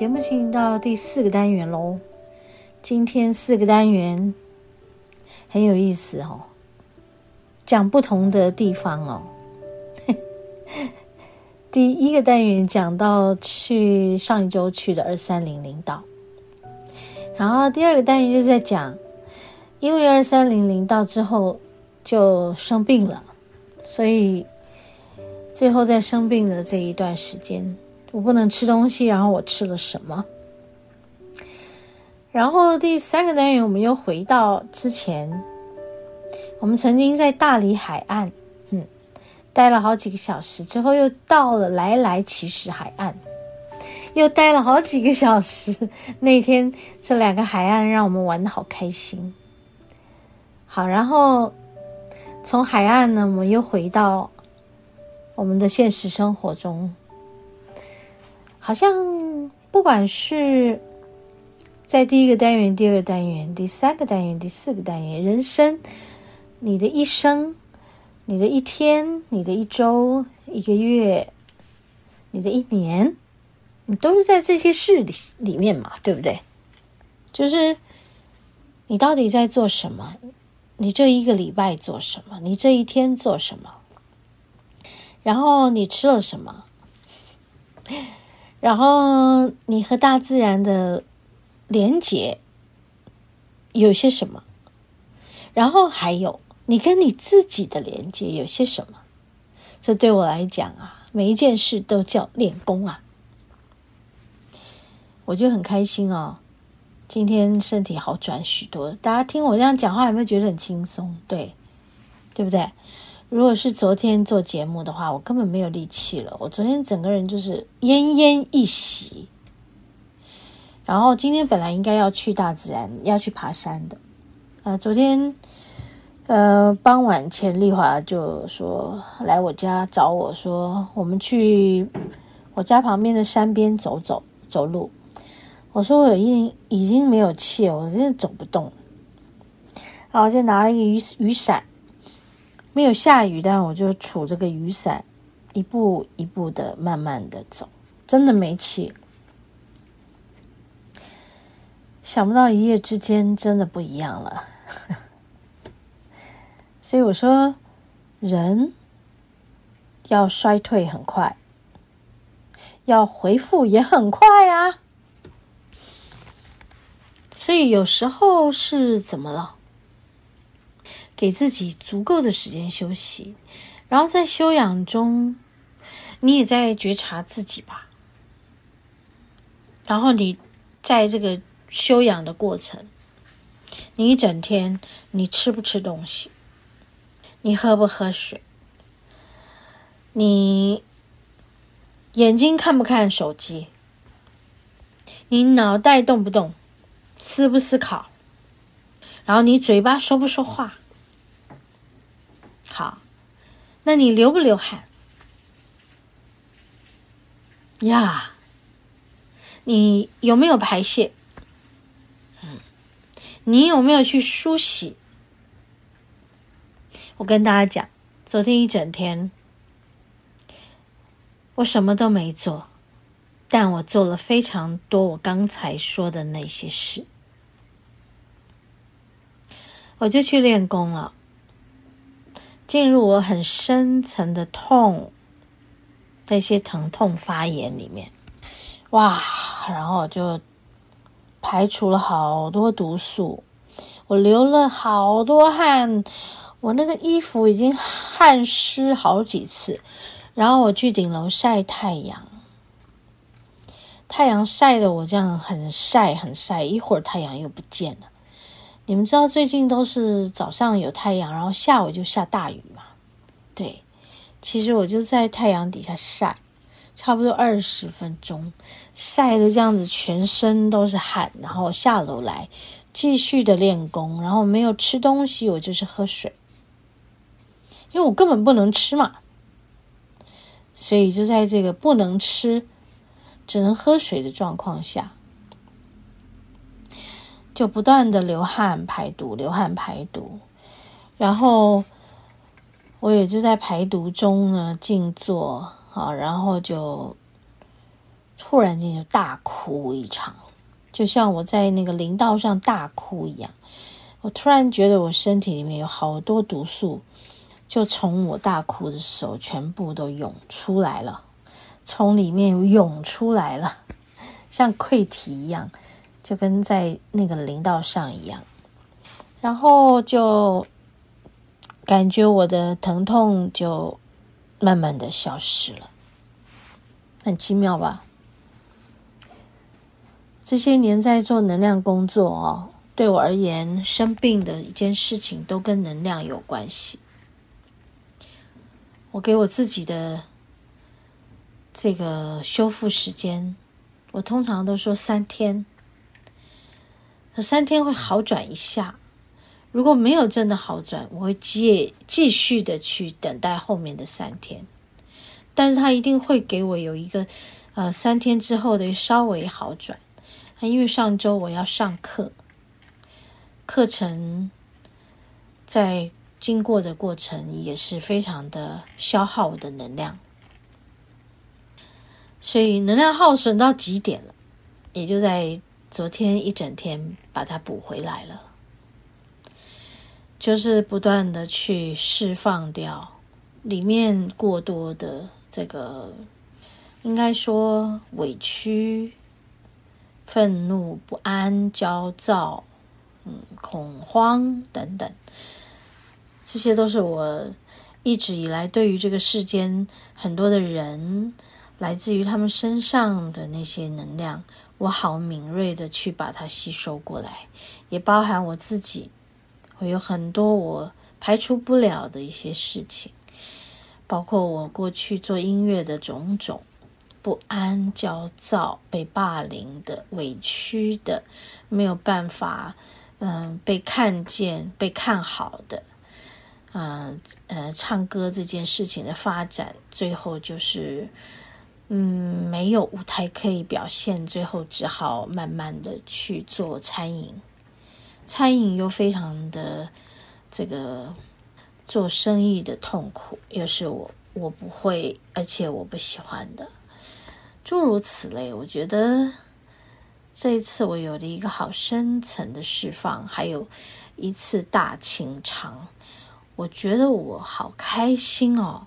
節目進行到第四個單元嘍，今天四個單元很有意思哦，講不同的地方哦。第一個單元講到去上一周去的二三零零島，然後第二個單元就在講，因為二三零零到之後就生病了，所以最後在生病的這一段時間。我不能吃東西，然後我吃了什麼？然後第三個單元，我們又回到之前，我們曾經在大理海岸，嗯，待了好幾個小時，之後又到了萊萊奇石海岸，又待了好幾個小時。那天這兩個海岸讓我們玩得好開心。好，然後從海岸呢，我們又回到我們的現實生活中。好像不管是，在第一個單元、第二個單元、第三個單元、第四個單元，人生，你的一生，你的一天，你的一周，一個月，你的一年，你都是在這些事里裡面嘛，對不對？就是你到底在做什麼？你這一個禮拜做什麼？你這一天做什麼？然後你吃了什麼？然後你和大自然的連接有些什麼？然後還有你跟你自己的連接有些什麼？這對我來講啊，每一件事都叫練功啊！我就很開心哦，今天身體好轉許多，大家聽我這樣講話有沒有覺得很輕鬆？對，對不對？如果是昨天做節目的話，我根本沒有力氣了。我昨天整個人就是奄奄一息。然後今天本來應該要去大自然，要去爬山的。啊，昨天呃傍晚前，麗華就說來我家找我說，我們去我家旁邊的山邊走走，走路。我說我已經已經沒有氣了，我真的走不動。然後我就拿了一個雨雨傘。沒有下雨，但我就杵著個雨傘，一步一步的慢慢的走，真的沒氣。想不到一夜之間真的不一樣了， 所以我說，人要衰退很快，要回復也很快啊。所以有時候是怎麼了？給自己足夠的時間休息，然後在休養中，你也在覺察自己吧。然後你在這個休養的過程，你一整天，你吃不吃東西？你喝不喝水？你眼睛看不看手機？你腦袋動不動？思不思考？然後你嘴巴說不說話？那你流不流汗？呀，yeah，你有沒有排泄？嗯，你有沒有去梳洗？我跟大家講，昨天一整天，我什麼都沒做，但我做了非常多我剛才說的那些事，我就去練功了。進入我很深層的痛，在一些疼痛發炎裡面，哇！然後就排除了好多毒素，我流了好多汗，我那個衣服已經汗濕好幾次。然後我去頂樓曬太陽，太陽曬得我這樣很曬很曬，一會兒太陽又不見了。你們知道最近都是早上有太陽，然後下午就下大雨嘛。對，其實我就在太陽底下曬，差不多二十分鐘，曬得這樣子，全身都是汗，然後下樓來繼續的練功，然後沒有吃東西，我就是喝水，因為我根本不能吃嘛，所以就在這個不能吃，只能喝水的狀況下。就不斷地流汗排毒，流汗排毒，然後我也就在排毒中呢靜坐啊，然後就突然間就大哭一場，就像我在那個靈道上大哭一樣，我突然覺得我身體裡面有好多毒素，就從我大哭的時候全部都湧出來了，從裡面湧出來了，像潰堤一樣。就跟在那個靈道上一樣，然後就感覺我的疼痛就慢慢的消失了，很奇妙吧？這些年在做能量工作哦，對我而言，生病的一件事情都跟能量有關係。我給我自己的這個修復時間，我通常都說三天。三天會好轉一下，如果沒有真的好轉，我會繼繼續的去等待後面的三天，但是他一定會給我有一個，呃，三天之後的稍微好轉，因為上周我要上課，課程在經過的過程也是非常的消耗我的能量，所以能量耗損到極點了，也就在。昨天一整天把它補回來了，就是不斷的去釋放掉裡面過多的這個，應該說委屈、憤怒、不安、焦躁、嗯、恐慌等等，這些都是我一直以來對於這個世間很多的人，來自於他們身上的那些能量。我好敏銳地去把它吸收過來，也包含我自己，我有很多我排除不了的一些事情，包括我過去做音樂的種種不安、焦躁、被霸凌的、委屈的、沒有辦法，嗯、呃，被看見、被看好的，嗯、呃、嗯、呃，唱歌這件事情的發展，最後就是。嗯，沒有舞台可以表現，最後只好慢慢的去做餐飲。餐飲又非常的這個做生意的痛苦，又是我我不會，而且我不喜歡的，諸如此類。我覺得這一次我有了一個好深層的釋放，還有一次大清場，我覺得我好開心哦。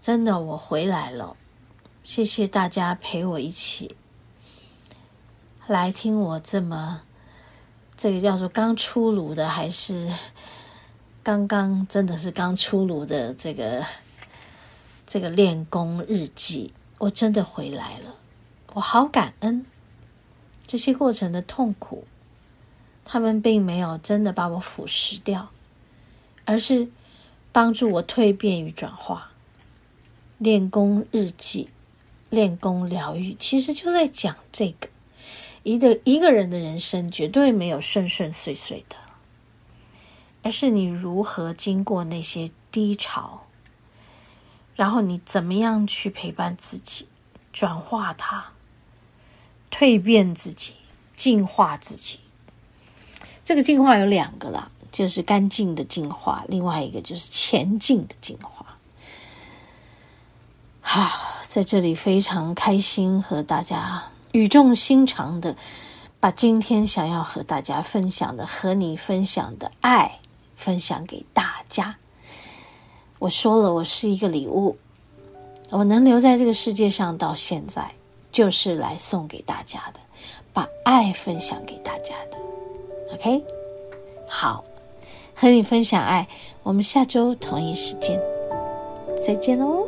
真的，我回來了，謝謝大家陪我一起來聽我這麼這個叫做剛出爐的，還是剛剛真的是剛出爐的這個這個練功日記。我真的回來了，我好感恩這些過程的痛苦，他們並沒有真的把我腐蝕掉，而是幫助我蛻變與轉化。練功日記，練功療癒，其實就在講這個：一個一個人的人生絕對沒有順順遂遂的，而是你如何經過那些低潮，然後你怎麼樣去陪伴自己，轉化它，蛻變自己，淨化自己。這個淨化有兩個啦，就是乾淨的淨化，另外一個就是前進的進化。啊，在這裡非常開心和大家語重心長的，把今天想要和大家分享的，和你分享的愛分享給大家。我說了，我是一個禮物，我能留在這個世界上到現在，就是來送給大家的，把愛分享給大家的。OK，好，和你分享愛，我們下周同一時間再見嘍。